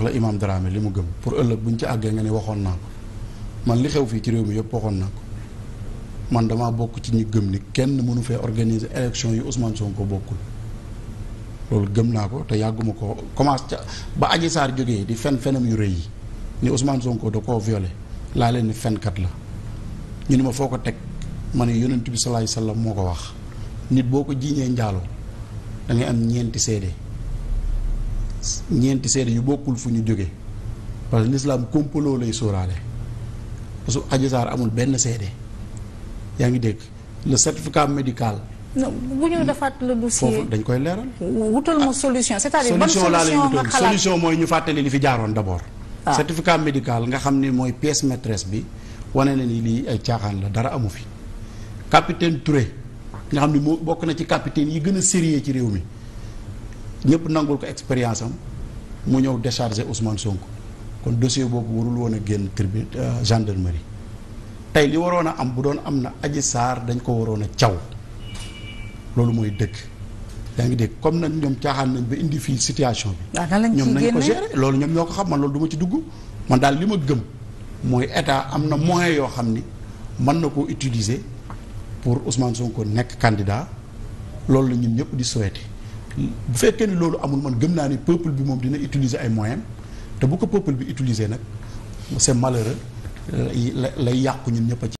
wax la imam Dramé li mu gëm pour ëllëg bu ci àggee nga ne waxoon naa ko man li xew fii ci réew mi yëpp waxoon naa ko man damaa bokk ci ñu gëm ni kenn mënu fee organiser élection yi Ousmane Sonko bokkul loolu gëm naa ko te yàgguma ko commence ba Adji saar jógee di fen fenam yu rëy yi ni Ousmane Sonko da ko violé laa leen ni fenkat la ñu ni ma foo ko teg ma ne yonent bi salaay sallam moo ko wax nit boo ko jiiñee njaaloo da ngay am ñeenti seede ñeenti seede yu bokkul fu ñu jóge parce que l'islam complot lay sóoraale parce que saar amul benn seede yaa ngi dégg le certificat médical. bu ñu defaat le dossier foofu dañ koy leeral. wutal ma solution c'est-à-dire solution laa lay wutal solution mooy ñu fàttale li fi jaaroon d'abord. Ah. certificat médical nga xam ni mooy pièce maîtresse bi wane na ni lii ay caaxaan la dara amu fi capitaine Touré nga xam ne moo bokk na ci capitaine yi gën a sérieux ci réew mi. ñëpp nangul ko expérience am mu ñëw décharger Ousmane Sonko kon dossier boobu warul woon a génn tribune euh, gendarmerie tey li waroon a am bu doon am na Adji Sarr dañ ko waroon a caw loolu mooy dëkk yaa ngi dégg comme nag ñoom caaxaan nañ ba indi fii situation bi. ñoom nañ ko gérer loolu ñoom ñoo ko xam man loolu duma ci dugg man daal li ma gëm mooy état am na moyen yoo xam ni mën na ko utiliser pour Ousmane Sonko nekk candidat loolu la ñun ñëpp di souhaiter. bu fekkee ni loolu amul man gëm naa ni peuple bi moom dina utiliser ay moyens te bu ko peuple bi utiliser nag c'est malheureux euh, lay yàqu ñun ñëpp a ci